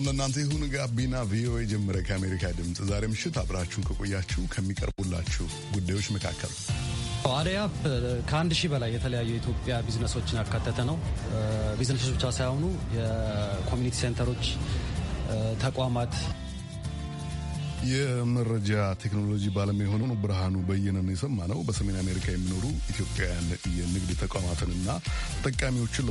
ሰላም ለእናንተ ይሁን። ጋቢና ቪኦኤ ጀመረ። ከአሜሪካ ድምፅ ዛሬ ምሽት አብራችሁን ከቆያችሁ ከሚቀርቡላችሁ ጉዳዮች መካከል አደይ ከአንድ ሺህ በላይ የተለያዩ የኢትዮጵያ ቢዝነሶችን ያካተተ ነው። ቢዝነሶች ብቻ ሳይሆኑ የኮሚኒቲ ሴንተሮች፣ ተቋማት የመረጃ ቴክኖሎጂ ባለሙያ የሆነው ብርሃኑ በየነን ነው በሰሜን አሜሪካ የሚኖሩ ኢትዮጵያውያን የንግድ ተቋማትንና ተጠቃሚዎችን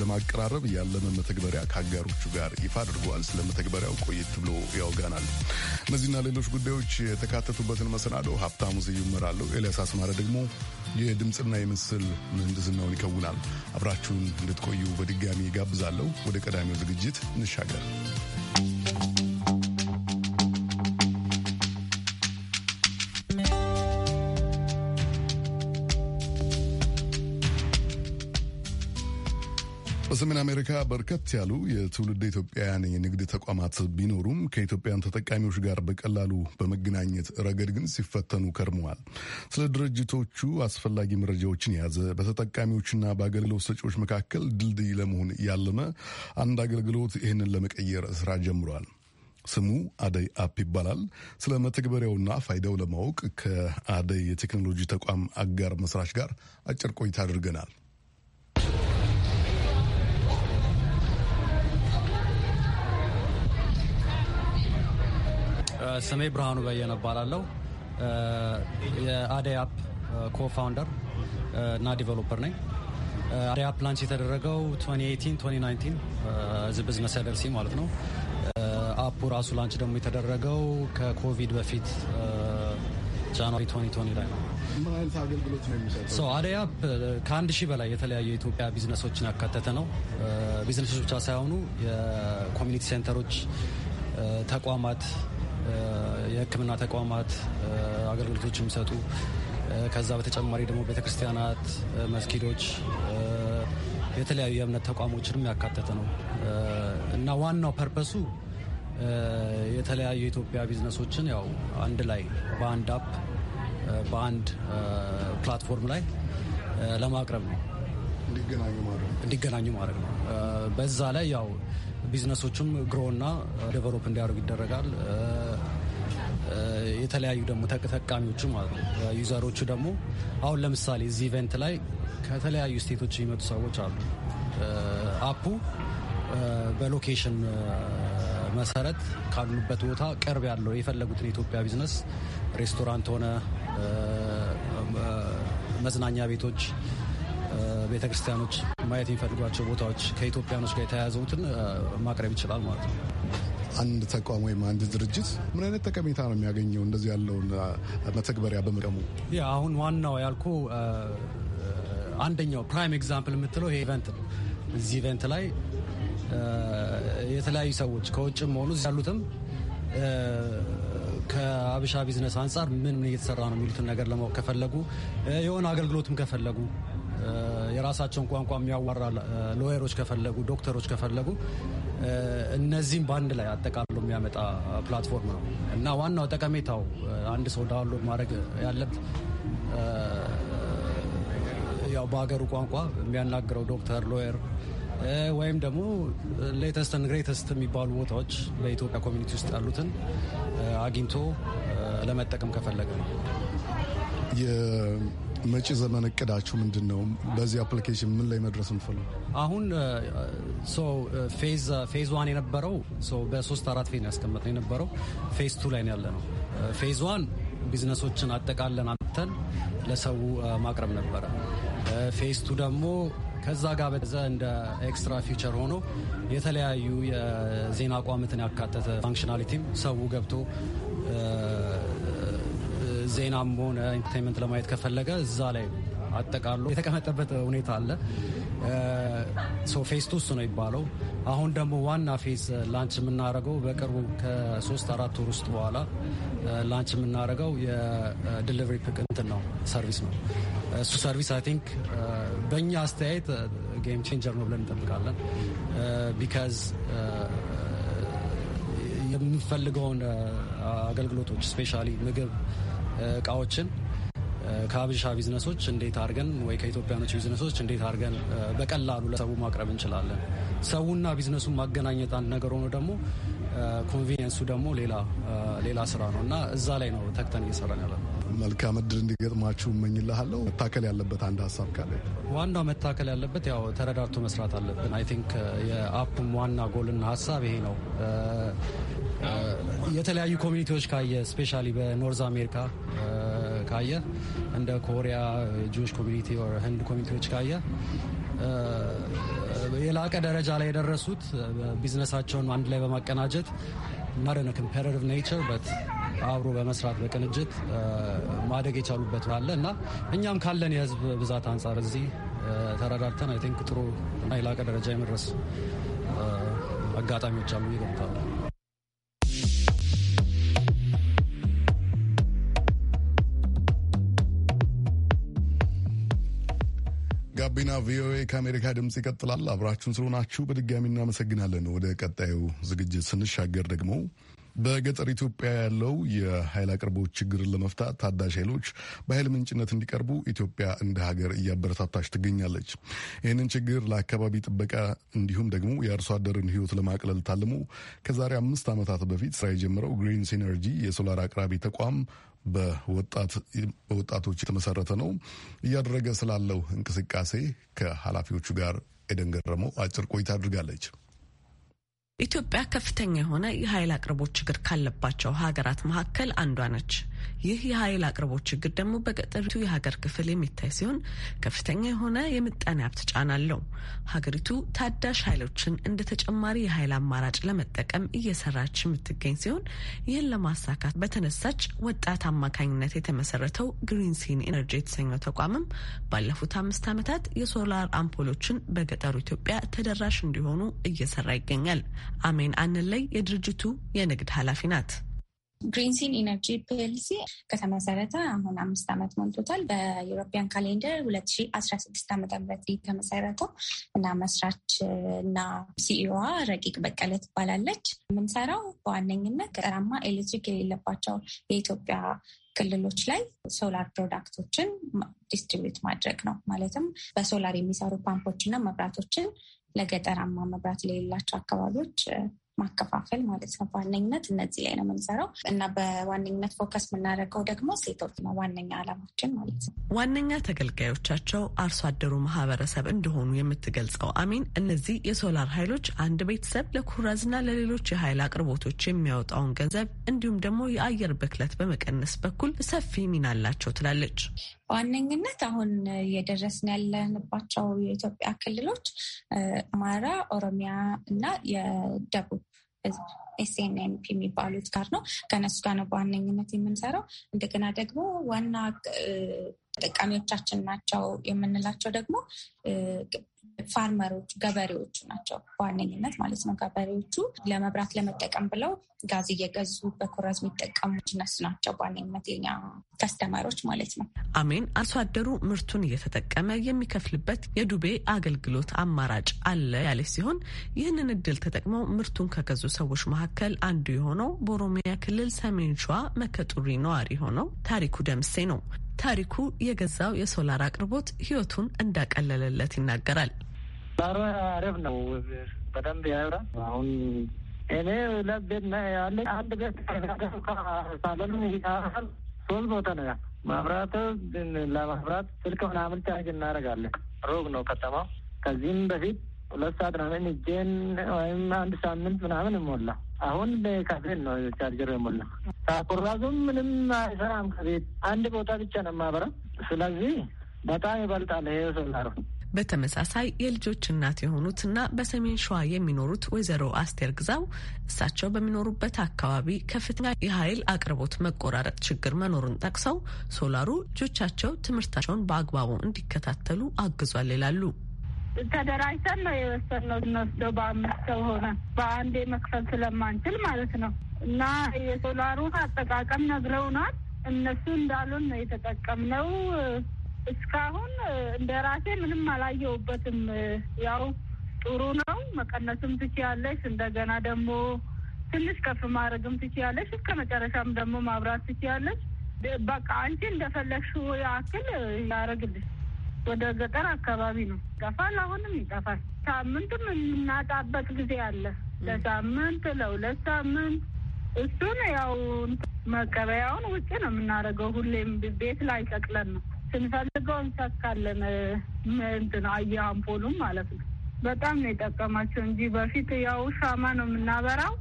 ለማቀራረብ ያለመ መተግበሪያ ከአጋሮቹ ጋር ይፋ አድርገዋል። ስለ መተግበሪያው ቆየት ብሎ ያወጋናል። እነዚህና ሌሎች ጉዳዮች የተካተቱበትን መሰናዶ ሀብታሙ ዝዩ ይመራለሁ። ኤልያስ አስማረ ደግሞ የድምፅና የምስል ምህንድስናውን ይከውናል። አብራችሁን እንድትቆዩ በድጋሚ ጋብዛለሁ። ወደ ቀዳሚው ዝግጅት እንሻገር። በአሜሪካ በርከት ያሉ የትውልድ ኢትዮጵያውያን የንግድ ተቋማት ቢኖሩም ከኢትዮጵያን ተጠቃሚዎች ጋር በቀላሉ በመገናኘት ረገድ ግን ሲፈተኑ ከርመዋል። ስለ ድርጅቶቹ አስፈላጊ መረጃዎችን የያዘ በተጠቃሚዎችና በአገልግሎት ሰጪዎች መካከል ድልድይ ለመሆን ያለመ አንድ አገልግሎት ይህንን ለመቀየር ስራ ጀምሯል። ስሙ አደይ አፕ ይባላል። ስለ መተግበሪያውና ፋይዳው ለማወቅ ከአደይ የቴክኖሎጂ ተቋም አጋር መስራች ጋር አጭር ቆይታ አድርገናል። ስሜ ብርሃኑ በየነ እባላለሁ። የአደይ አፕ ኮፋውንደር እና ዲቨሎፐር ነኝ። አደይ አፕ ላንች የተደረገው 2018 2019 ዝ ብዝነስ ኤል ኤል ሲ ማለት ነው። አፑ ራሱ ላንች ደግሞ የተደረገው ከኮቪድ በፊት ጃንዋሪ 2020 ላይ ነው። ምን አደይ አፕ ከአንድ ሺህ በላይ የተለያዩ የኢትዮጵያ ቢዝነሶችን ያካተተ ነው። ቢዝነሶች ብቻ ሳይሆኑ የኮሚኒቲ ሴንተሮች፣ ተቋማት የሕክምና ተቋማት አገልግሎቶች የሚሰጡ ከዛ በተጨማሪ ደግሞ ቤተክርስቲያናት፣ መስጊዶች፣ የተለያዩ የእምነት ተቋሞችንም ያካተተ ነው እና ዋናው ፐርፐሱ የተለያዩ የኢትዮጵያ ቢዝነሶችን ያው አንድ ላይ በአንድ አፕ በአንድ ፕላትፎርም ላይ ለማቅረብ ነው፣ እንዲገናኙ ማድረግ ነው። በዛ ላይ ያው ቢዝነሶችም ግሮና ዴቨሎፕ እንዲያደርጉ ይደረጋል። የተለያዩ ደግሞ ተጠቃሚዎቹ ማለት ነው ዩዘሮቹ ደግሞ አሁን ለምሳሌ እዚህ ኢቨንት ላይ ከተለያዩ ስቴቶች የሚመጡ ሰዎች አሉ። አፑ በሎኬሽን መሰረት ካሉበት ቦታ ቅርብ ያለው የፈለጉትን የኢትዮጵያ ቢዝነስ ሬስቶራንት ሆነ መዝናኛ ቤቶች ቤተክርስቲያኖች ማየት የሚፈልጓቸው ቦታዎች ከኢትዮጵያኖች ጋር የተያያዘውትን ማቅረብ ይችላል ማለት ነው። አንድ ተቋም ወይም አንድ ድርጅት ምን አይነት ጠቀሜታ ነው የሚያገኘው እንደዚህ ያለውን መተግበሪያ በመቀሙ? ያ አሁን ዋናው ያልኩ አንደኛው ፕራይም ኤግዛምፕል የምትለው ይሄ ኢቨንት ነው። እዚህ ኢቨንት ላይ የተለያዩ ሰዎች ከውጭም ሆኑ ያሉትም ከአብሻ ቢዝነስ አንጻር ምን ምን እየተሰራ ነው የሚሉትን ነገር ለማወቅ ከፈለጉ የሆነ አገልግሎትም ከፈለጉ የራሳቸውን ቋንቋ የሚያዋራ ሎየሮች ከፈለጉ፣ ዶክተሮች ከፈለጉ እነዚህም በአንድ ላይ አጠቃሎ የሚያመጣ ፕላትፎርም ነው እና ዋናው ጠቀሜታው አንድ ሰው ዳውንሎድ ማድረግ ያለብ ያው በሀገሩ ቋንቋ የሚያናግረው ዶክተር፣ ሎየር ወይም ደግሞ ሌተስትን ግሬተስት የሚባሉ ቦታዎች በኢትዮጵያ ኮሚኒቲ ውስጥ ያሉትን አግኝቶ ለመጠቀም ከፈለገ ነው። መጪ ዘመን እቅዳችሁ ምንድን ነው? በዚህ አፕሊኬሽን ምን ላይ መድረስ እንፈል? አሁን ፌዝ ዋን የነበረው በሶስት አራት ፌዝ ያስቀመጥ የነበረው። ፌዝ ቱ ላይ ያለ ነው። ፌዝ ዋን ቢዝነሶችን አጠቃለን አምተን ለሰው ማቅረብ ነበረ። ፌዝ ቱ ደግሞ ከዛ ጋር በዘ እንደ ኤክስትራ ፊቸር ሆኖ የተለያዩ የዜና አቋምትን ያካተተ ፋንክሽናሊቲም ሰው ገብቶ ዜናም ሆነ ኢንተርቴንመንት ለማየት ከፈለገ እዛ ላይ አጠቃሎ የተቀመጠበት ሁኔታ አለ። ፌስ ቱ እሱ ነው ይባለው። አሁን ደግሞ ዋና ፌስ ላንች የምናደርገው በቅርቡ ከሶስት አራት ወር ውስጥ በኋላ ላንች የምናደርገው የዲሊቨሪ ፕቅንት ነው ሰርቪስ ነው። እሱ ሰርቪስ አይ ቲንክ በእኛ አስተያየት ጌም ቼንጀር ነው ብለን እንጠብቃለን ቢካዝ የምንፈልገውን አገልግሎቶች ስፔሻሊ ምግብ እቃዎችን ከሀበሻ ቢዝነሶች እንዴት አድርገን ወይ ከኢትዮጵያኖች ቢዝነሶች እንዴት አድርገን በቀላሉ ለሰው ማቅረብ እንችላለን። ሰውና ቢዝነሱን ማገናኘት አንድ ነገር ሆኖ ደግሞ ኮንቪኒየንሱ ደግሞ ሌላ ስራ ነው እና እዛ ላይ ነው ተክተን እየሰራን ያለነው። መልካም እድል እንዲገጥማችሁ እመኝልሃለሁ። መታከል ያለበት አንድ ሀሳብ ካለ ዋናው መታከል ያለበት ያው ተረዳርቶ መስራት አለብን። አይ ቲንክ uh, የአፕም ዋና ጎልና ሀሳብ ይሄ ነው። uh, uh, የተለያዩ ኮሚኒቲዎች ካየ ስፔሻሊ በኖርዝ አሜሪካ ካየ እንደ ኮሪያ ጁዊሽ ኮሚኒቲ ኦር ህንድ ኮሚኒቲዎች ካየ የላቀ ደረጃ ላይ የደረሱት ቢዝነሳቸውን አንድ ላይ በማቀናጀት ናደነ ኮምፓራቲቭ ኔቸር በት አብሮ በመስራት በቅንጅት ማደግ የቻሉበት አለ እና እኛም ካለን የህዝብ ብዛት አንጻር እዚህ ተረዳድተን አይ ቲንክ ጥሩ እና የላቀ ደረጃ የመድረስ አጋጣሚዎች አሉ ይገምታሉ። ጋቢና ቪኦኤ ከአሜሪካ ድምፅ ይቀጥላል። አብራችሁን ስለሆናችሁ በድጋሚ እናመሰግናለን። ወደ ቀጣዩ ዝግጅት ስንሻገር ደግሞ በገጠር ኢትዮጵያ ያለው የኃይል አቅርቦት ችግርን ለመፍታት ታዳሽ ኃይሎች በኃይል ምንጭነት እንዲቀርቡ ኢትዮጵያ እንደ ሀገር እያበረታታች ትገኛለች። ይህንን ችግር ለአካባቢ ጥበቃ እንዲሁም ደግሞ የአርሶ አደርን ሕይወት ለማቅለል ታልሞ ከዛሬ አምስት ዓመታት በፊት ስራ የጀመረው ግሪን ሲነርጂ የሶላር አቅራቢ ተቋም በወጣቶች የተመሰረተ ነው። እያደረገ ስላለው እንቅስቃሴ ከኃላፊዎቹ ጋር ኤደን ገረመው አጭር ቆይታ አድርጋለች። ኢትዮጵያ ከፍተኛ የሆነ የኃይል አቅርቦት ችግር ካለባቸው ሀገራት መካከል አንዷ ነች። ይህ የኃይል አቅርቦት ችግር ደግሞ በገጠሪቱ የሀገር ክፍል የሚታይ ሲሆን ከፍተኛ የሆነ የምጣኔ ሀብት ጫና አለው። ሀገሪቱ ታዳሽ ኃይሎችን እንደ ተጨማሪ የኃይል አማራጭ ለመጠቀም እየሰራች የምትገኝ ሲሆን ይህን ለማሳካት በተነሳች ወጣት አማካኝነት የተመሰረተው ሲን ኤነርጂ የተሰኘው ተቋምም ባለፉት አምስት ዓመታት የሶላር አምፖሎችን በገጠሩ ኢትዮጵያ ተደራሽ እንዲሆኑ እየሰራ ይገኛል። አሜን አንለይ የድርጅቱ የንግድ ኃላፊ ናት። ግሪንሲን ኢነርጂ ፒኤልሲ ከተመሰረተ አሁን አምስት ዓመት ሞልቶታል። በዩሮፒያን ካሌንደር ሁለት ሺ አስራ ስድስት ዓመተ ምህረት የተመሰረተው እና መስራች እና ሲኢዋ e ረቂቅ በቀለ ትባላለች። የምንሰራው በዋነኝነት ገጠራማ ኤሌክትሪክ የሌለባቸው የኢትዮጵያ ክልሎች ላይ ሶላር ፕሮዳክቶችን ዲስትሪቢዩት ማድረግ ነው። ማለትም በሶላር የሚሰሩ ፓምፖችና መብራቶችን ለገጠራማ መብራት ለሌላቸው አካባቢዎች ማከፋፈል ማለት ነው። በዋነኝነት እነዚህ ላይ ነው የምንሰራው እና በዋነኝነት ፎከስ የምናደርገው ደግሞ ሴቶች ነው ዋነኛ ዓላማችን ማለት ነው። ዋነኛ ተገልጋዮቻቸው አርሶ አደሩ ማህበረሰብ እንደሆኑ የምትገልጸው አሚን፣ እነዚህ የሶላር ኃይሎች አንድ ቤተሰብ ለኩራዝና ለሌሎች የኃይል አቅርቦቶች የሚያወጣውን ገንዘብ እንዲሁም ደግሞ የአየር ብክለት በመቀነስ በኩል ሰፊ ሚና አላቸው ትላለች። በዋነኝነት አሁን እየደረስን ያለንባቸው የኢትዮጵያ ክልሎች አማራ፣ ኦሮሚያ እና የደቡብ ህዝብ ኤስኤንኤንፒ የሚባሉት ጋር ነው። ከነሱ ጋር ነው በዋነኝነት የምንሰራው። እንደገና ደግሞ ዋና ተጠቃሚዎቻችን ናቸው የምንላቸው ደግሞ ፋርመሮች ገበሬዎቹ ናቸው በዋነኝነት ማለት ነው። ገበሬዎቹ ለመብራት ለመጠቀም ብለው ጋዝ እየገዙ በኩራዝ የሚጠቀሙ እነሱ ናቸው በዋነኝነት የኛ ከስተመሮች ማለት ነው። አሜን አርሶ አደሩ ምርቱን እየተጠቀመ የሚከፍልበት የዱቤ አገልግሎት አማራጭ አለ ያለች ሲሆን ይህንን እድል ተጠቅመው ምርቱን ከገዙ ሰዎች መካከል አንዱ የሆነው በኦሮሚያ ክልል ሰሜን ሸዋ መከጡሪ ነዋሪ የሆነው ታሪኩ ደምሴ ነው። ታሪኩ የገዛው የሶላር አቅርቦት ህይወቱን እንዳቀለለለት ይናገራል። አረብ ነው። በደንብ ያብራ አሁን እኔ ሁለት ያለ አንድ ቤት ሳለን ሶስት ቦታ ነው ማብራት ለማብራት ስልክ ምናምን ቻርጅ እናደርጋለን። ሩቅ ነው ከተማው ከዚህም በፊት ሁለት ሰዓት ነው እጄን ወይም አንድ ሳምንት ምናምን ሞላ። አሁን ከቤት ነው ቻርጀር የሞላ ታኩራዙም ምንም አይሰራም። ከቤት አንድ ቦታ ብቻ ነው የማበረው። ስለዚህ በጣም ይበልጣል ይሄ ሶላሩ። በተመሳሳይ የልጆች እናት የሆኑትና በሰሜን ሸዋ የሚኖሩት ወይዘሮ አስቴር ግዛው እሳቸው በሚኖሩበት አካባቢ ከፍተኛ የኃይል አቅርቦት መቆራረጥ ችግር መኖሩን ጠቅሰው ሶላሩ ልጆቻቸው ትምህርታቸውን በአግባቡ እንዲከታተሉ አግዟል ይላሉ። ተደራጅተን ነው የወሰንነው። እንወስደው በአምስት ሰው ሆነ በአንዴ መክፈል ስለማንችል ማለት ነው። እና የሶላሩን አጠቃቀም ነግረውናል። እነሱ እንዳሉን ነው የተጠቀምነው። እስካሁን እንደ ራሴ ምንም አላየሁበትም። ያው ጥሩ ነው። መቀነስም ትችያለሽ፣ እንደገና ደግሞ ትንሽ ከፍ ማድረግም ትችያለሽ፣ እስከ መጨረሻም ደግሞ ማብራት ትችያለሽ። በቃ አንቺ እንደፈለግሽ ያክል ያደርግልሽ ወደ ገጠር አካባቢ ነው። ይጠፋል፣ አሁንም ይጠፋል። ሳምንትም የምናጣበት ጊዜ አለ። ለሳምንት ለሁለት ሳምንት እሱን ያው መቀበያውን ውጭ ነው የምናደርገው። ሁሌም ቤት ላይ ሰቅለን ነው ስንፈልገው እንሰካለን። እንትን አየህ አምፖሉም ማለት ነው። በጣም ነው የጠቀማቸው እንጂ በፊት ያው ሻማ ነው የምናበራው።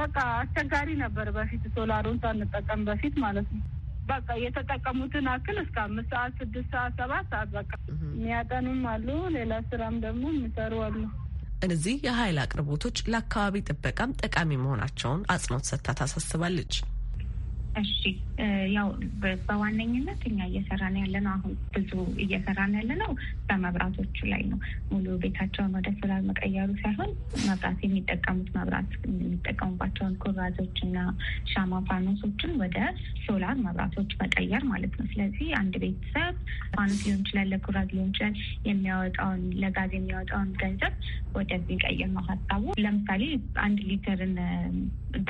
በቃ አስቸጋሪ ነበር በፊት ሶላሩን ሳንጠቀም በፊት ማለት ነው። በቃ የተጠቀሙትን አክል እስከ አምስት ሰዓት ስድስት ሰዓት ሰባት ሰዓት በቃ የሚያጠኑም አሉ። ሌላ ስራም ደግሞ የሚሰሩ አሉ። እነዚህ የኃይል አቅርቦቶች ለአካባቢ ጥበቃም ጠቃሚ መሆናቸውን አጽንኦት ሰጥታ ታሳስባለች። እሺ ያው በዋነኝነት እኛ እየሰራን ያለ ነው። አሁን ብዙ እየሰራን ያለ ነው በመብራቶቹ ላይ ነው። ሙሉ ቤታቸውን ወደ ሶላር መቀየሩ ሳይሆን መብራት የሚጠቀሙት መብራት የሚጠቀሙባቸውን ኩራዞች እና ሻማ ፋኖሶችን ወደ ሶላር መብራቶች መቀየር ማለት ነው። ስለዚህ አንድ ቤተሰብ ፋኖስ ሊሆን ይችላል፣ ለኩራዝ ሊሆን ይችላል፣ የሚያወጣውን ለጋዝ የሚያወጣውን ገንዘብ ወደዚህ ቀይር ነው ሀሳቡ። ለምሳሌ አንድ ሊትርን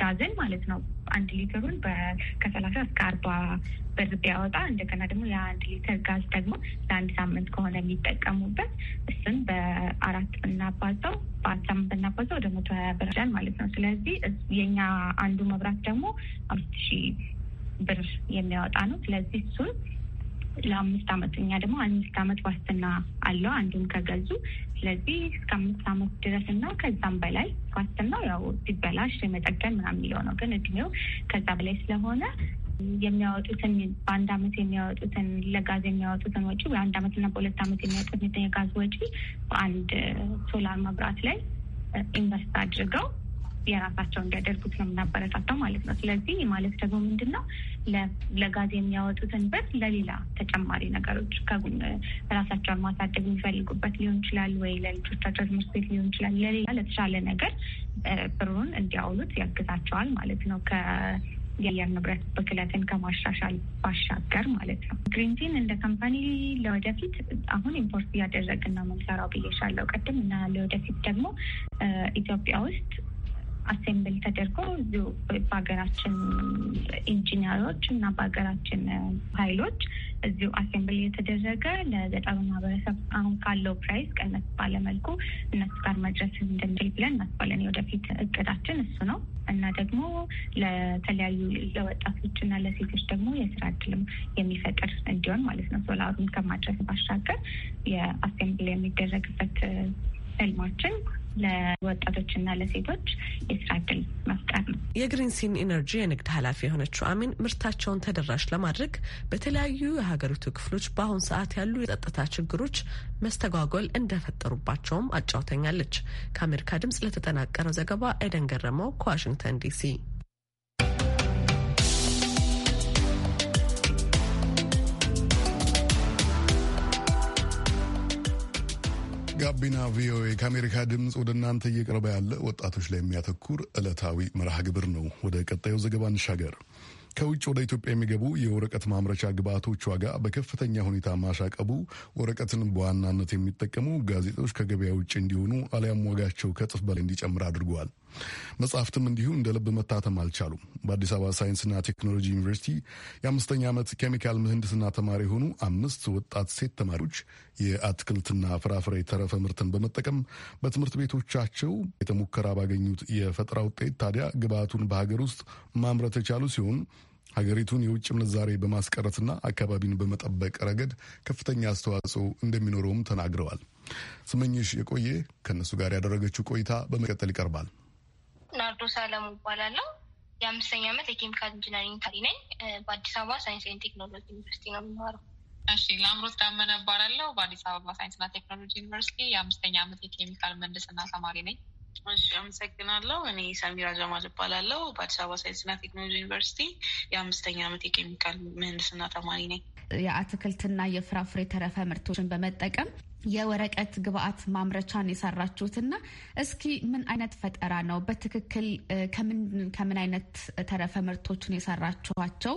ጋዝን ማለት ነው አንድ ሊትሩን በ ከሰላሳ እስከ አርባ ብር ቢያወጣ እንደገና ደግሞ የአንድ ሊትር ጋዝ ደግሞ ለአንድ ሳምንት ከሆነ የሚጠቀሙበት እሱን በአራት ብናባዛው በአራት ሳምንት ብናባዛው ወደ መቶ ሀያ ብር ማለት ነው። ስለዚህ የኛ አንዱ መብራት ደግሞ አምስት ሺህ ብር የሚያወጣ ነው። ስለዚህ እሱን ለአምስት አመት እኛ ደግሞ አምስት አመት ዋስትና አለው አንዱን ከገዙ። ስለዚህ እስከ አምስት አመት ድረስ እና ከዛም በላይ ዋስትናው ያው ሲበላሽ የመጠገን ምናምን የሚለው ነው። ግን እድሜው ከዛ በላይ ስለሆነ የሚያወጡትን በአንድ አመት የሚያወጡትን ለጋዝ የሚያወጡትን ወጪ በአንድ አመት እና በሁለት አመት የሚያወጡትን የጋዝ ወጪ በአንድ ሶላር መብራት ላይ ኢንቨስት አድርገው የራሳቸው እንዲያደርጉት ነው የምናበረታታው ማለት ነው። ስለዚህ ማለት ደግሞ ምንድን ነው ለጋዝ የሚያወጡትን ብር ለሌላ ተጨማሪ ነገሮች ራሳቸውን ማሳደግ የሚፈልጉበት ሊሆን ይችላል ወይ ለልጆቻቸው ትምህርት ቤት ሊሆን ይችላል፣ ለሌላ ለተሻለ ነገር ብሩን እንዲያውሉት ያግዛቸዋል ማለት ነው። የአየር ንብረት ብክለትን ከማሻሻል ባሻገር ማለት ነው። ግሪንቲን እንደ ካምፓኒ ለወደፊት አሁን ኢምፖርት እያደረግን ነው የምንሰራው ብዬሻለው ቅድም እና ለወደፊት ደግሞ ኢትዮጵያ ውስጥ አሴምብል ተደርጎ እዚሁ በሀገራችን ኢንጂነሮች እና በሀገራችን ኃይሎች እዚሁ አሴምብል የተደረገ ለገጠሩ ማህበረሰብ አሁን ካለው ፕራይስ ቀነስ ባለመልኩ እነሱ ጋር መድረስ እንድንችል ብለን እናስባለን። የወደፊት እቅዳችን እሱ ነው እና ደግሞ ለተለያዩ ለወጣቶች እና ለሴቶች ደግሞ የስራ እድልም የሚፈጥር እንዲሆን ማለት ነው። ሶላሩን ከማድረስ ባሻገር የአሴምብል የሚደረግበት ህልማችን ለወጣቶችና ለሴቶች የስራ እድል መፍጠር ነው። የግሪንሲን ኢነርጂ የንግድ ኃላፊ የሆነችው አሚን ምርታቸውን ተደራሽ ለማድረግ በተለያዩ የሀገሪቱ ክፍሎች በአሁን ሰዓት ያሉ የጸጥታ ችግሮች መስተጓጎል እንደፈጠሩባቸውም አጫውተኛለች። ከአሜሪካ ድምጽ ለተጠናቀረው ዘገባ ኤደን ገረመው ከዋሽንግተን ዲሲ ጋቢና ቪኦኤ ከአሜሪካ ድምፅ ወደ እናንተ እየቀረበ ያለ ወጣቶች ላይ የሚያተኩር ዕለታዊ መርሃ ግብር ነው። ወደ ቀጣዩ ዘገባ እንሻገር። ከውጭ ወደ ኢትዮጵያ የሚገቡ የወረቀት ማምረቻ ግብዓቶች ዋጋ በከፍተኛ ሁኔታ ማሻቀቡ ወረቀትን በዋናነት የሚጠቀሙ ጋዜጦች ከገበያ ውጭ እንዲሆኑ አሊያም ዋጋቸው ከጥፍ በላይ እንዲጨምር አድርጓል። መጽሐፍትም እንዲሁ እንደ ልብ መታተም አልቻሉም። በአዲስ አበባ ሳይንስና ቴክኖሎጂ ዩኒቨርሲቲ የአምስተኛ ዓመት ኬሚካል ምህንድስና ተማሪ የሆኑ አምስት ወጣት ሴት ተማሪዎች የአትክልትና ፍራፍሬ ተረፈ ምርትን በመጠቀም በትምህርት ቤቶቻቸው የተሞከራ ባገኙት የፈጠራ ውጤት ታዲያ ግብአቱን በሀገር ውስጥ ማምረት የቻሉ ሲሆን ሀገሪቱን የውጭ ምንዛሬ በማስቀረትና አካባቢን በመጠበቅ ረገድ ከፍተኛ አስተዋጽኦ እንደሚኖረውም ተናግረዋል። ስመኝሽ የቆየ ከእነሱ ጋር ያደረገችው ቆይታ በመቀጠል ይቀርባል። ናርዶስ አለሙ እባላለሁ። የአምስተኛ ዓመት የኬሚካል ኢንጂነሪንግ ተማሪ ነኝ። በአዲስ አበባ ሳይንስና ቴክኖሎጂ ዩኒቨርሲቲ ነው የሚማረው። እሺ፣ ለአምሮት ዳመነ እባላለሁ። በአዲስ አበባ ሳይንስና ቴክኖሎጂ ዩኒቨርሲቲ የአምስተኛ ዓመት የኬሚካል ምህንድስና ተማሪ ነኝ። እሺ፣ አመሰግናለሁ። እኔ ሰሚራ ጀማል እባላለሁ። በአዲስ አበባ ሳይንስና ቴክኖሎጂ ዩኒቨርሲቲ የአምስተኛ ዓመት የኬሚካል ምህንድስና ተማሪ ነኝ። የአትክልትና የፍራፍሬ ተረፈ ምርቶችን በመጠቀም የወረቀት ግብአት ማምረቻን የሰራችሁትና እስኪ ምን አይነት ፈጠራ ነው? በትክክል ከምን አይነት ተረፈ ምርቶችን የሰራችኋቸው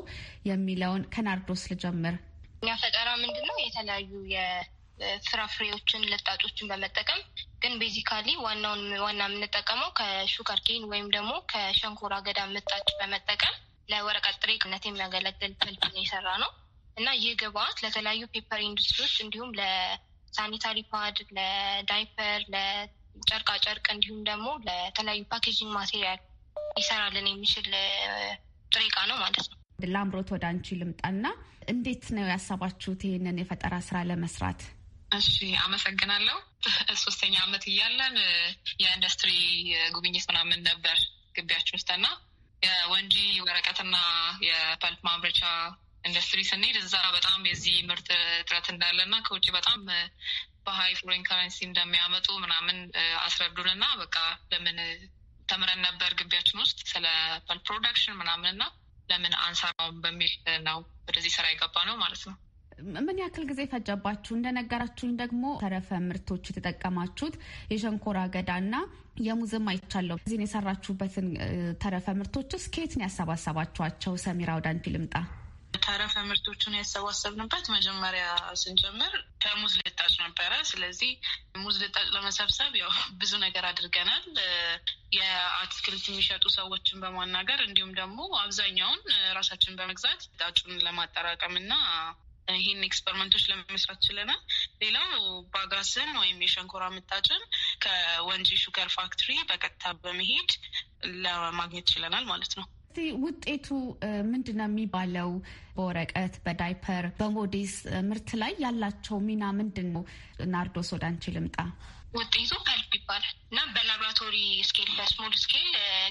የሚለውን ከናርዶስ ልጀምር። እኛ ፈጠራ ምንድን ነው የተለያዩ የፍራፍሬዎችን ልጣጮችን በመጠቀም ግን ቤዚካሊ ዋናውን ዋና የምንጠቀመው ከሹጋር ኬን ወይም ደግሞ ከሸንኮራ አገዳ ምጣጭ በመጠቀም ለወረቀት ጥሬ የሚያገለግል ፐልፕ የሰራ ነው። እና ይህ ግብአት ለተለያዩ ፔፐር ኢንዱስትሪዎች እንዲሁም ለሳኒታሪ ፓድ፣ ለዳይፐር፣ ለጨርቃጨርቅ እንዲሁም ደግሞ ለተለያዩ ፓኬጂንግ ማቴሪያል ሊሰራልን የሚችል ጥሬ እቃ ነው ማለት ነው። ላምሮት ወደ አንቺ ልምጣና እንዴት ነው ያሰባችሁት ይህንን የፈጠራ ስራ ለመስራት? እሺ አመሰግናለሁ። ሶስተኛ አመት እያለን የኢንዱስትሪ ጉብኝት ምናምን ነበር ግቢያችን ውስጥና የወንጂ ወረቀትና የፐልፕ ማምረቻ ኢንዱስትሪ ስንሄድ እዛ በጣም የዚህ ምርት እጥረት እንዳለ እና ከውጭ በጣም በሀይ ፎሬን ከረንሲ እንደሚያመጡ ምናምን አስረዱን እና በቃ ለምን ተምረን ነበር ግቢያችን ውስጥ ስለ ፐል ፕሮዳክሽን ምናምን እና ለምን አንሰራውም በሚል ነው ወደዚህ ስራ የገባ ነው ማለት ነው። ምን ያክል ጊዜ ፈጀባችሁ? እንደነገራችሁኝ ደግሞ ተረፈ ምርቶች የተጠቀማችሁት የሸንኮራ አገዳ እና የሙዝም አይቻለሁ። እዚህን የሰራችሁበትን ተረፈ ምርቶች ውስጥ ከየት ነው ያሰባሰባችኋቸው? ሰሚራ ወደ ልምጣ። ተረፈ ምርቶቹን ያሰባሰብንበት መጀመሪያ ስንጀምር ከሙዝ ልጣጭ ነበረ። ስለዚህ ሙዝ ልጣጭ ለመሰብሰብ ያው ብዙ ነገር አድርገናል። የአትክልት የሚሸጡ ሰዎችን በማናገር እንዲሁም ደግሞ አብዛኛውን ራሳችን በመግዛት ጣጩን ለማጠራቀም እና ይህን ኤክስፐሪመንቶች ለመስራት ችለናል። ሌላው ባጋስን ወይም የሸንኮራ ምጣጭን ከወንጂ ሹገር ፋክትሪ በቀጥታ በመሄድ ለማግኘት ችለናል ማለት ነው። እስቲ ውጤቱ ምንድን ነው የሚባለው? በወረቀት በዳይፐር በሞዴስ ምርት ላይ ያላቸው ሚና ምንድን ነው? ናርዶስ ወደ አንቺ ልምጣ። ውጤቱ ፐልፕ ይባላል እና በላብራቶሪ ስኬል በስሞል ስኬል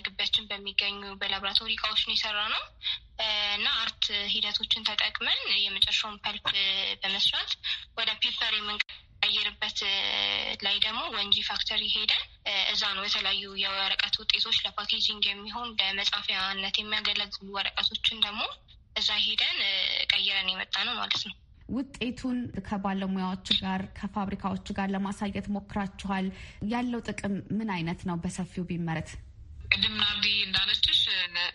ግቢያችን በሚገኙ በላብራቶሪ እቃዎች ነው የሰራ ነው እና አርት ሂደቶችን ተጠቅመን የመጨረሻውን ፐልፕ በመስራት ወደ ፔፐር የምንቀ የሚቀይርበት ላይ ደግሞ ወንጂ ፋክተሪ ሄደን እዛ ነው የተለያዩ የወረቀት ውጤቶች ለፓኬጂንግ የሚሆን ለመጻፊያነት የሚያገለግሉ ወረቀቶችን ደግሞ እዛ ሄደን ቀይረን የመጣ ነው ማለት ነው። ውጤቱን ከባለሙያዎች ጋር ከፋብሪካዎች ጋር ለማሳየት ሞክራችኋል። ያለው ጥቅም ምን አይነት ነው? በሰፊው ቢመረት ቅድም ናብዲ እንዳለችሽ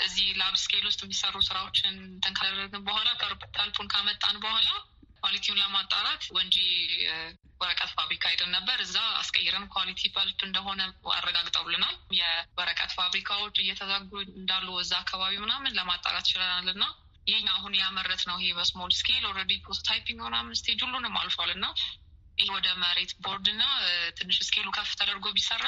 እዚህ ላብ ስኬል ውስጥ የሚሰሩ ስራዎችን ተንከረግን በኋላ ፐርታልፑን ካመጣን በኋላ ኳሊቲውን ለማጣራት ወንጂ ወረቀት ፋብሪካ ሄደን ነበር። እዛ አስቀይረን ኳሊቲ ፐልፕ እንደሆነ አረጋግጠውልናል። የወረቀት ፋብሪካዎች እየተዘጉ እንዳሉ እዛ አካባቢ ምናምን ለማጣራት ችለናል እና ይህ አሁን ያመረት ነው። ይሄ በስሞል ስኬል ኦልሬዲ ፕሮቶታይፒንግ ምናምን ስቴጅ ሁሉንም አልፏል እና ይህ ወደ መሬት ቦርድ እና ትንሽ ስኬሉ ከፍ ተደርጎ ቢሰራ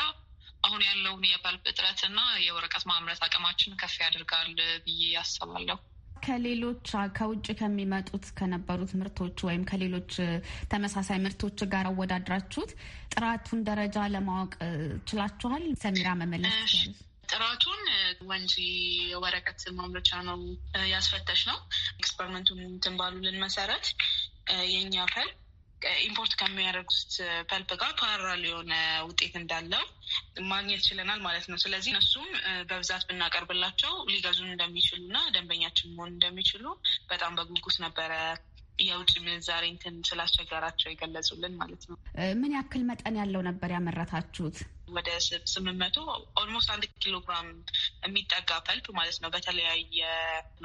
አሁን ያለውን የፐልፕ እጥረት እና የወረቀት ማምረት አቅማችን ከፍ ያደርጋል ብዬ አስባለሁ። ከሌሎች ከውጭ ከሚመጡት ከነበሩት ምርቶች ወይም ከሌሎች ተመሳሳይ ምርቶች ጋር አወዳድራችሁት ጥራቱን ደረጃ ለማወቅ ችላችኋል? ሰሚራ መመለስ ጥራቱን ወንጂ የወረቀት ማምረቻ ነው ያስፈተሽ ነው። ኤክስፐሪመንቱን ትንባሉልን መሰረት የእኛ ፈል ኢምፖርት ከሚያደርጉት ፐልፕ ጋር ፓራል የሆነ ውጤት እንዳለው ማግኘት ችለናል ማለት ነው። ስለዚህ እነሱም በብዛት ብናቀርብላቸው ሊገዙን እንደሚችሉ እና ደንበኛችን መሆን እንደሚችሉ በጣም በጉጉት ነበረ የውጭ ምንዛሬ እንትን ስላስቸገራቸው የገለጹልን ማለት ነው። ምን ያክል መጠን ያለው ነበር ያመረታችሁት? ወደ ስምንት መቶ ኦልሞስት አንድ ኪሎ ግራም የሚጠጋ ፐልፕ ማለት ነው። በተለያየ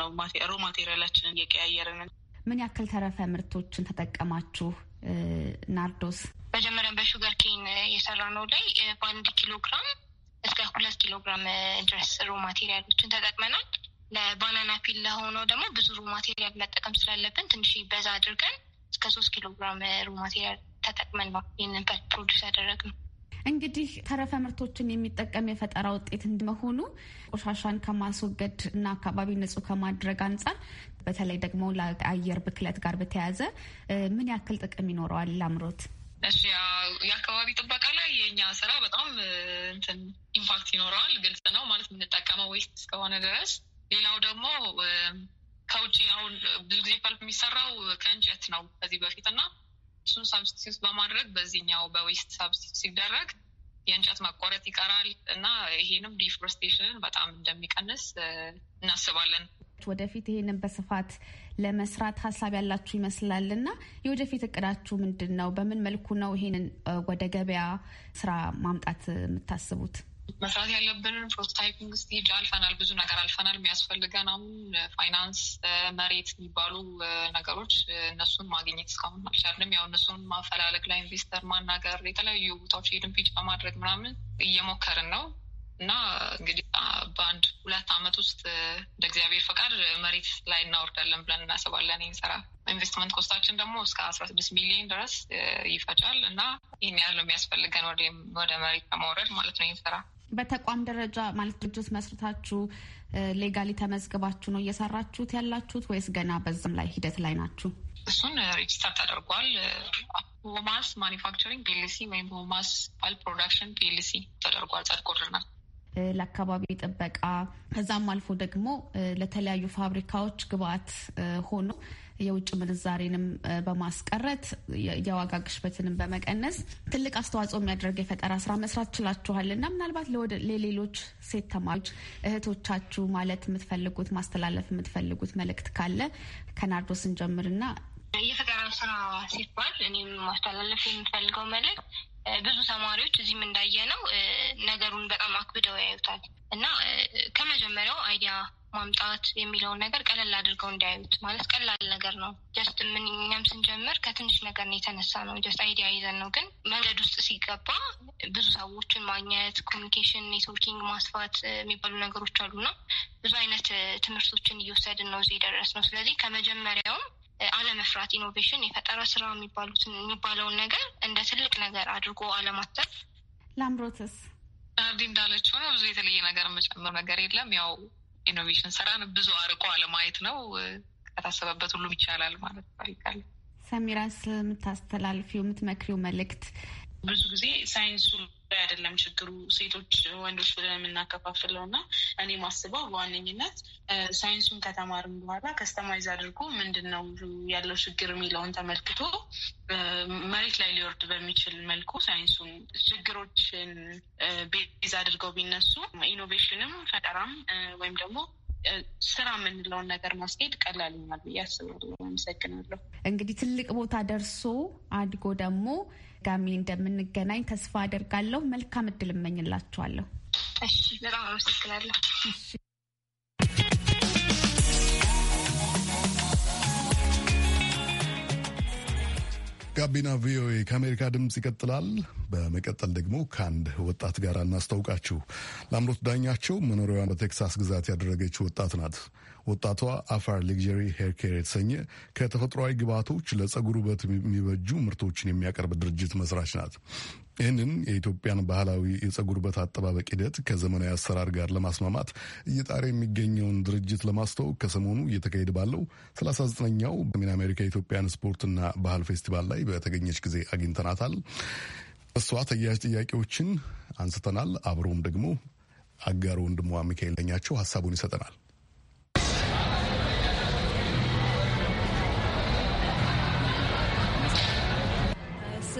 ነው ሮ ማቴሪያላችንን የቀያየርን ምን ያክል ተረፈ ምርቶችን ተጠቀማችሁ? ናርዶስ? መጀመሪያም በሹገር ኬን የሰራ ነው ላይ በአንድ ኪሎ ግራም እስከ ሁለት ኪሎ ግራም ድረስ ሮ ማቴሪያሎችን ተጠቅመናል። ለባናና ፒል ለሆነው ደግሞ ብዙ ሮ ማቴሪያል መጠቀም ስላለብን ትንሽ በዛ አድርገን እስከ ሶስት ኪሎ ግራም ሮ ማቴሪያል ተጠቅመን ነው ይህንን ፕሮዲስ ያደረግነው። እንግዲህ ተረፈ ምርቶችን የሚጠቀም የፈጠራ ውጤት እንደመሆኑ ቆሻሻን ከማስወገድ እና አካባቢ ንጹህ ከማድረግ አንጻር በተለይ ደግሞ ለአየር ብክለት ጋር በተያያዘ ምን ያክል ጥቅም ይኖረዋል? ላምሮት እሺ፣ የአካባቢ ጥበቃ ላይ የእኛ ስራ በጣም እንትን ኢምፓክት ይኖረዋል። ግልጽ ነው ማለት የምንጠቀመው ዌስት እስከሆነ ድረስ። ሌላው ደግሞ ከውጭ አሁን ብዙ ጊዜ ፐልፕ የሚሰራው ከእንጨት ነው ከዚህ በፊት እና እሱን ሳብስቲቱት በማድረግ በዚህኛው በዌስት ሳብስቲቱት ሲደረግ የእንጨት ማቋረጥ ይቀራል እና ይሄንም ዲፍሮስቴሽንን በጣም እንደሚቀንስ እናስባለን። ወደፊት ይሄንን በስፋት ለመስራት ሀሳብ ያላችሁ ይመስላል እና የወደፊት እቅዳችሁ ምንድን ነው? በምን መልኩ ነው ይሄንን ወደ ገበያ ስራ ማምጣት የምታስቡት? መስራት ያለብንን ፕሮቶታይፒንግ ስቴጅ አልፈናል። ብዙ ነገር አልፈናል። የሚያስፈልገን አሁን ፋይናንስ፣ መሬት የሚባሉ ነገሮች እነሱን ማግኘት እስካሁን አልቻልንም። ያው እነሱን ማፈላለግ ላይ ኢንቨስተር ማናገር፣ የተለያዩ ቦታዎች ሄድን ፒች በማድረግ ምናምን እየሞከርን ነው እና እንግዲህ በአንድ ሁለት አመት ውስጥ እንደ እግዚአብሔር ፈቃድ መሬት ላይ እናወርዳለን ብለን እናስባለን። ይህን ስራ ኢንቨስትመንት ኮስታችን ደግሞ እስከ አስራ ስድስት ሚሊዮን ድረስ ይፈጫል እና ይህን ያህል የሚያስፈልገን ወደ መሬት ለማውረድ ማለት ነው። ይህን ስራ በተቋም ደረጃ ማለት ድርጅት መስርታችሁ ሌጋሊ ተመዝግባችሁ ነው እየሰራችሁት ያላችሁት ወይስ ገና በዛም ላይ ሂደት ላይ ናችሁ? እሱን ሬጅስተር ተደርጓል። ቦማስ ማኒፋክቸሪንግ ፒኤልሲ ወይም ቦማስ ፓል ፕሮዳክሽን ፒኤልሲ ተደርጓል፣ ጸድቆልናል። ለአካባቢ ጥበቃ ከዛም አልፎ ደግሞ ለተለያዩ ፋብሪካዎች ግብአት ሆኖ የውጭ ምንዛሬንም በማስቀረት የዋጋ ግሽበትንም በመቀነስ ትልቅ አስተዋጽኦ የሚያደርግ የፈጠራ ስራ መስራት ችላችኋል እና ምናልባት ለሌሎች ሴት ተማሪዎች እህቶቻችሁ ማለት የምትፈልጉት ማስተላለፍ የምትፈልጉት መልእክት ካለ ከናርዶ ስንጀምርና የፈጠራ ስራ ሲባል እኔም ማስተላለፍ የምፈልገው መልእክት ብዙ ተማሪዎች እዚህም እንዳየ ነው ነገሩን በጣም አክብደው ያዩታል እና ከመጀመሪያው አይዲያ ማምጣት የሚለውን ነገር ቀለል አድርገው እንዲያዩት ማለት ቀላል ነገር ነው። ጀስት ምን እኛም ስንጀምር ከትንሽ ነገር ነው የተነሳ ነው። ጀስት አይዲያ ይዘን ነው። ግን መንገድ ውስጥ ሲገባ ብዙ ሰዎችን ማግኘት፣ ኮሚኒኬሽን፣ ኔትወርኪንግ ማስፋት የሚባሉ ነገሮች አሉና ብዙ አይነት ትምህርቶችን እየወሰድን ነው እዚህ ደረስ ነው። ስለዚህ ከመጀመሪያውም አለመፍራት፣ ኢኖቬሽን፣ የፈጠራ ስራ የሚባሉትን የሚባለውን ነገር እንደ ትልቅ ነገር አድርጎ አለማተፍ ላምሮትስ ዲ እንዳለችው ብዙ የተለየ ነገር የምጨምር ነገር የለም ያው ኢኖቬሽን ስራን ብዙ አርቆ አለማየት ነው። ከታሰበበት ሁሉም ይቻላል ማለት ይፈልጋል። ሰሚራስ የምታስተላልፊው የምትመክሪው መልእክት ብዙ ጊዜ ሳይንሱ ላይ አይደለም ችግሩ፣ ሴቶች ወንዶች ብለን የምናከፋፍለው እና እኔ ማስበው በዋነኝነት ሳይንሱን ከተማርም በኋላ ከስተማይዝ አድርጎ ምንድን ነው ያለው ችግር የሚለውን ተመልክቶ መሬት ላይ ሊወርድ በሚችል መልኩ ሳይንሱን ችግሮችን ቤዝ አድርገው ቢነሱ ኢኖቬሽንም ፈጠራም ወይም ደግሞ ስራ የምንለውን ነገር ማስኬድ ቀላል ይሆናል ብዬ አስባለሁ። አመሰግናለሁ። እንግዲህ ትልቅ ቦታ ደርሶ አድጎ ደግሞ በድጋሚ እንደምንገናኝ ተስፋ አደርጋለሁ። መልካም እድል እመኝላችኋለሁ። እሺ፣ በጣም አመሰግናለሁ። ጋቢና ቪኦኤ ከአሜሪካ ድምፅ ይቀጥላል። በመቀጠል ደግሞ ከአንድ ወጣት ጋር እናስታውቃችሁ። ለአምሮት ዳኛቸው መኖሪያዋን በቴክሳስ ግዛት ያደረገች ወጣት ናት። ወጣቷ አፋር ሌግዠሪ ሄርኬር የተሰኘ ከተፈጥሯዊ ግብዓቶች ለጸጉር ውበት የሚበጁ ምርቶችን የሚያቀርብ ድርጅት መስራች ናት። ይህንን የኢትዮጵያን ባህላዊ የጸጉር በት አጠባበቅ ሂደት ከዘመናዊ አሰራር ጋር ለማስማማት እየጣረ የሚገኘውን ድርጅት ለማስተዋወቅ ከሰሞኑ እየተካሄደ ባለው 39ኛው በሰሜን አሜሪካ ኢትዮጵያን ስፖርትና ባህል ፌስቲቫል ላይ በተገኘች ጊዜ አግኝተናታል። እሷ ተያያዥ ጥያቄዎችን አንስተናል። አብሮም ደግሞ አጋር ወንድሟ ሚካኤል ለኛቸው ሀሳቡን ይሰጠናል።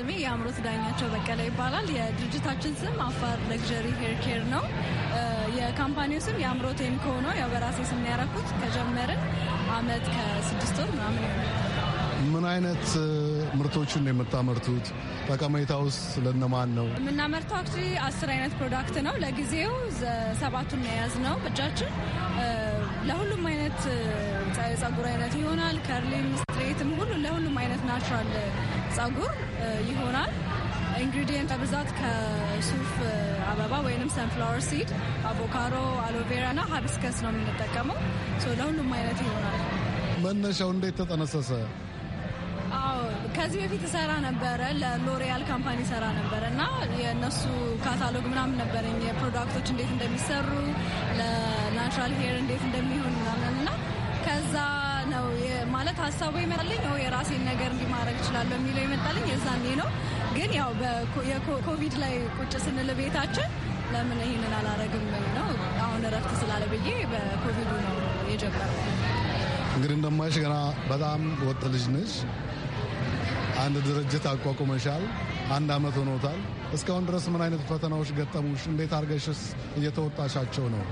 ስሜ የአእምሮት ዳኛቸው በቀለ ይባላል። የድርጅታችን ስም አፋር ለግዠሪ ሄር ኬር ነው። የካምፓኒው ስም የአእምሮ ቴንኮ ነው። ያው በራሴ ስም ያረኩት ከጀመርን አመት ከስድስት ወር ምናምን ምን አይነት ምርቶችን ነው የምታመርቱት? ጠቀሜታ ውስጥ ለነማን ነው የምናመርተው? አክ አስር አይነት ፕሮዳክት ነው ለጊዜው ሰባቱን የያዝ ነው እጃችን። ለሁሉም አይነት ጸጉር አይነት ይሆናል። ከርሊም፣ ስትሬትም ሁሉ ለሁሉም አይነት ናቹራል ፀጉር ይሆናል። ኢንግሪዲየንት በብዛት ከሱፍ አበባ ወይም ሰንፍላወር ሲድ፣ አቮካዶ፣ አሎቬራ እና ሀብስከስ ነው የምንጠቀመው። ለሁሉም አይነት ይሆናል። መነሻው እንዴት ተጠነሰሰ? ከዚህ በፊት እሰራ ነበረ። ለሎሪያል ካምፓኒ ሰራ ነበረ እና የእነሱ ካታሎግ ምናምን ነበረኝ የፕሮዳክቶች እንዴት እንደሚሰሩ ለናቹራል ሄር እንዴት እንደሚሆን ምናምን እና ከዛ ነው ማለት ሀሳቡ ይመጣልኝ ው የራሴን ነገር እንዲማድረግ እችላለሁ የሚለው ይመጣልኝ የዛኔ ነው። ግን ያው የኮቪድ ላይ ቁጭ ስንል ቤታችን ለምን ይህንን አላረግም ነው አሁን እረፍት ስላለ ብዬ በኮቪዱ ነው የጀመረው። እንግዲህ እንደማይሽ ገና በጣም ወጥ ልጅ ነች። አንድ ድርጅት አቋቁመሻል። አንድ አመት ሆኖታል። እስካሁን ድረስ ምን አይነት ፈተናዎች ገጠሙሽ? እንዴት አድርገሽስ እየተወጣሻቸው ነው?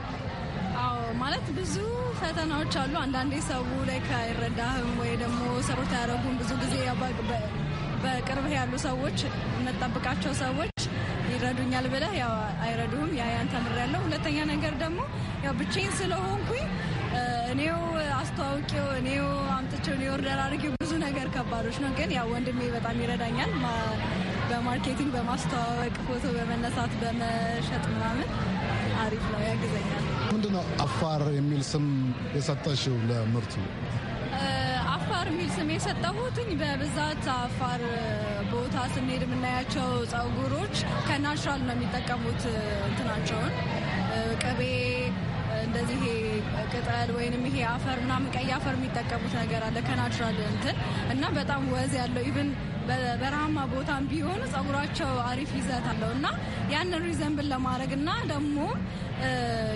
አዎ ማለት ብዙ ፈተናዎች አሉ። አንዳንዴ ሰው ላይ አይረዳህም ወይ ደግሞ ሰፖርት አያደርጉም። ብዙ ጊዜ በቅርብህ ያሉ ሰዎች የምጠብቃቸው ሰዎች ይረዱኛል ብለህ ያው አይረዱህም። ያ ያን ተምሬያለሁ። ሁለተኛ ነገር ደግሞ ያው ብቻዬን ስለሆንኩኝ እኔው አስተዋውቂው እኔው አምጥቼው እኔ ኦርደር አድርጌው ብዙ ነገር ከባዶች ነው። ግን ያው ወንድሜ በጣም ይረዳኛል በማርኬቲንግ በማስተዋወቅ ፎቶ በመነሳት በመሸጥ ምናምን አሪፍ ነው ያግዘኛል። ለምንድን ነው አፋር የሚል ስም የሰጠሽው ለምርቱ? አፋር የሚል ስም የሰጠሁትኝ በብዛት አፋር ቦታ ስንሄድ የምናያቸው ጸጉሮች ከናሽራል ነው የሚጠቀሙት እንትናቸውን ቅቤ እንደዚህ ቅጠል ወይንም ይሄ አፈር ምናምን ቀይ አፈር የሚጠቀሙት ነገር አለ ከናቹራል እንትን እና በጣም ወዝ ያለው ኢቭን በበረሃማ ቦታም ቢሆኑ ጸጉራቸው አሪፍ ይዘት አለው እና ያንን ሪዘንብን ለማድረግ እና ደግሞ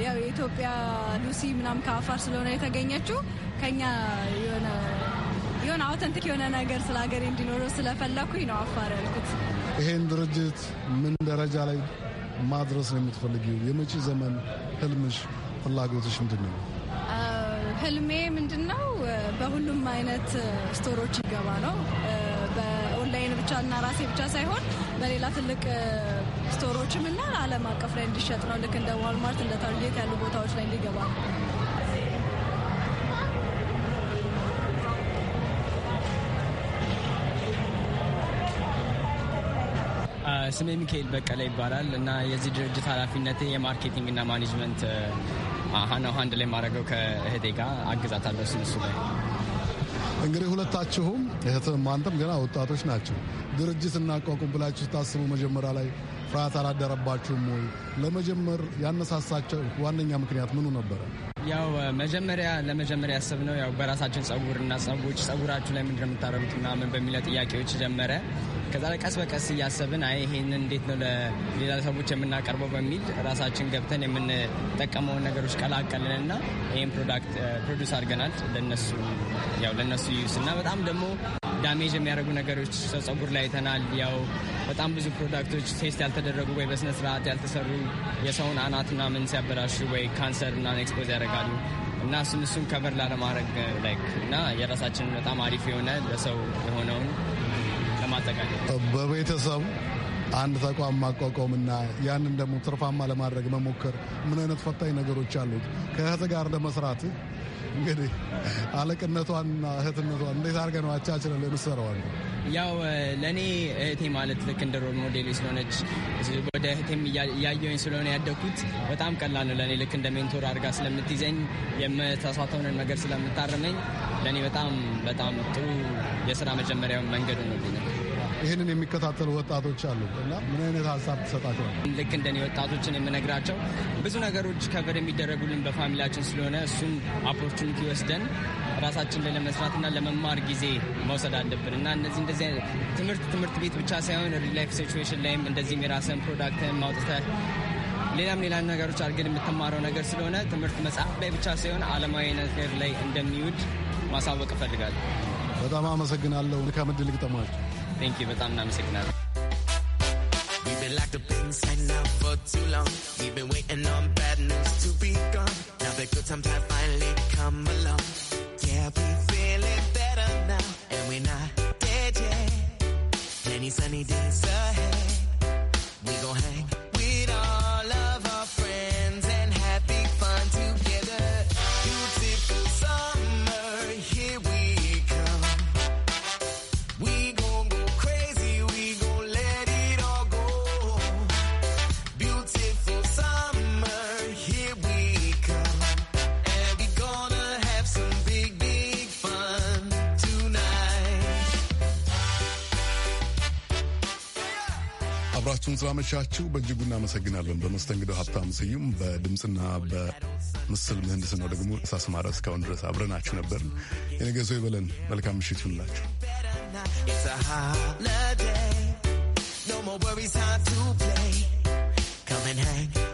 ያው የኢትዮጵያ ሉሲ ምናም ከአፋር ስለሆነ የተገኘችው ከኛ የሆነ የሆነ አውተንቲክ የሆነ ነገር ስለ ሀገር እንዲኖረው ስለፈለኩኝ ነው አፋር ያልኩት። ይሄን ድርጅት ምን ደረጃ ላይ ማድረስ ነው የምትፈልጊው? የመጪ ዘመን ህልምሽ፣ ፍላጎትሽ ምንድን ነው? ህልሜ ምንድን ነው? በሁሉም አይነት ስቶሮች ይገባ ነው ብቻ እና ራሴ ብቻ ሳይሆን በሌላ ትልቅ ስቶሮችም እና ዓለም አቀፍ ላይ እንዲሸጥ ነው። ልክ እንደ ዋልማርት እንደ ታርጌት ያሉ ቦታዎች ላይ እንዲገባ ስሜ ሚካኤል በቀለ ይባላል እና የዚህ ድርጅት ኃላፊነት የማርኬቲንግ እና ማኔጅመንት ነው። አንድ ላይ ማድረገው ከእህቴ ጋር አግዛታለሁ። ስንሱ ላይ እንግዲህ ሁለታችሁም የተተማ ገና ወጣቶች ናቸው። ድርጅት እናቋቁም ብላችሁ ስታስቡ መጀመሪያ ላይ ፍርሃት አላደረባችሁም ወይ? ለመጀመር ያነሳሳቸው ዋነኛ ምክንያት ምኑ ነበረ? ያው መጀመሪያ ለመጀመሪያ ነው ያው በራሳችን ጸጉር እና ጸጉች ጸጉራችሁ ላይ ምንድን የምታደርጉት ምናምን በሚለው ጥያቄዎች ጀመረ። ከዛ ላይ ቀስ በቀስ እያሰብን አይ ይሄንን እንዴት ነው ለሌላ ሰዎች የምናቀርበው በሚል ራሳችን ገብተን የምንጠቀመውን ነገሮች ቀላቀልን እና ይህን ፕሮዳክት ፕሮዲስ አድርገናል ለነሱ ያው ለነሱ ዩስ እና በጣም ደግሞ ዳሜጅ የሚያደርጉ ነገሮች ሰው ጸጉር ላይ አይተናል። ያው በጣም ብዙ ፕሮዳክቶች ቴስት ያልተደረጉ ወይ በስነ ስርዓት ያልተሰሩ የሰውን አናትና ምን ሲያበላሹ ወይ ካንሰር እና ኤክስፖዝ ያደርጋሉ እና እሱን እሱን ከበር ላለማድረግ ላይክ እና የራሳችንን በጣም አሪፍ የሆነ ለሰው የሆነውን ለማጠቃለል በቤተሰብ አንድ ተቋም ማቋቋምና ያንን ደግሞ ትርፋማ ለማድረግ መሞከር ምን አይነት ፈታኝ ነገሮች አሉት? ከእህት ጋር ለመስራት እንግዲህ አለቅነቷንና እህትነቷን እንዴት አድርገን ነው አቻችለን የምትሰራዋል? ያው ለእኔ እህቴ ማለት ልክ እንደ ሮል ሞዴሌ ስለሆነች ወደ እህቴም እያየሁኝ ስለሆነ ያደኩት በጣም ቀላል ነው ለእኔ ልክ እንደ ሜንቶር አድርጋ ስለምትይዘኝ የምተሳሳተውን ነገር ስለምታርመኝ ለእኔ በጣም በጣም ጥሩ የስራ መጀመሪያ መንገዱ ነው። ይህንን የሚከታተሉ ወጣቶች አሉ እና ምን አይነት ሀሳብ ትሰጣቸው? ልክ እንደኔ ወጣቶችን የምነግራቸው ብዙ ነገሮች ከበር የሚደረጉልን በፋሚሊያችን ስለሆነ እሱም አፖርቹኒቲ ወስደን ራሳችን ለመስራትና ለመማር ጊዜ መውሰድ አለብን እና እነዚህ እንደዚህ ትምህርት ትምህርት ቤት ብቻ ሳይሆን ሪል ላይፍ ሲቹዌሽን ላይም እንደዚህም የራስን ፕሮዳክትን ማውጥተህ ሌላም ሌላ ነገሮች አድርገን የምትማረው ነገር ስለሆነ ትምህርት መጽሐፍ ላይ ብቻ ሳይሆን አለማዊ ነገር ላይ እንደሚውድ ማሳወቅ እፈልጋለሁ። በጣም አመሰግናለሁ። መልካም ዕድል Thank you, በጣም እናመሰግናል። We've been locked up inside now for too long. We've been waiting on bad news to be gone. Now the good times have finally come along. Yeah, we better now, and we're not dead yet. Many sunny days ahead. We gon' hang. አብራችሁን ስላመሻችሁ በእጅጉ እናመሰግናለን። በመስተንግዶ ሀብታም ስዩም፣ በድምፅና በምስል ምህንድስናው ደግሞ እሳስማራ እስካሁን ድረስ አብረናችሁ ነበር። የነገ ሰው ይበለን። መልካም ምሽት ይሁንላችሁ።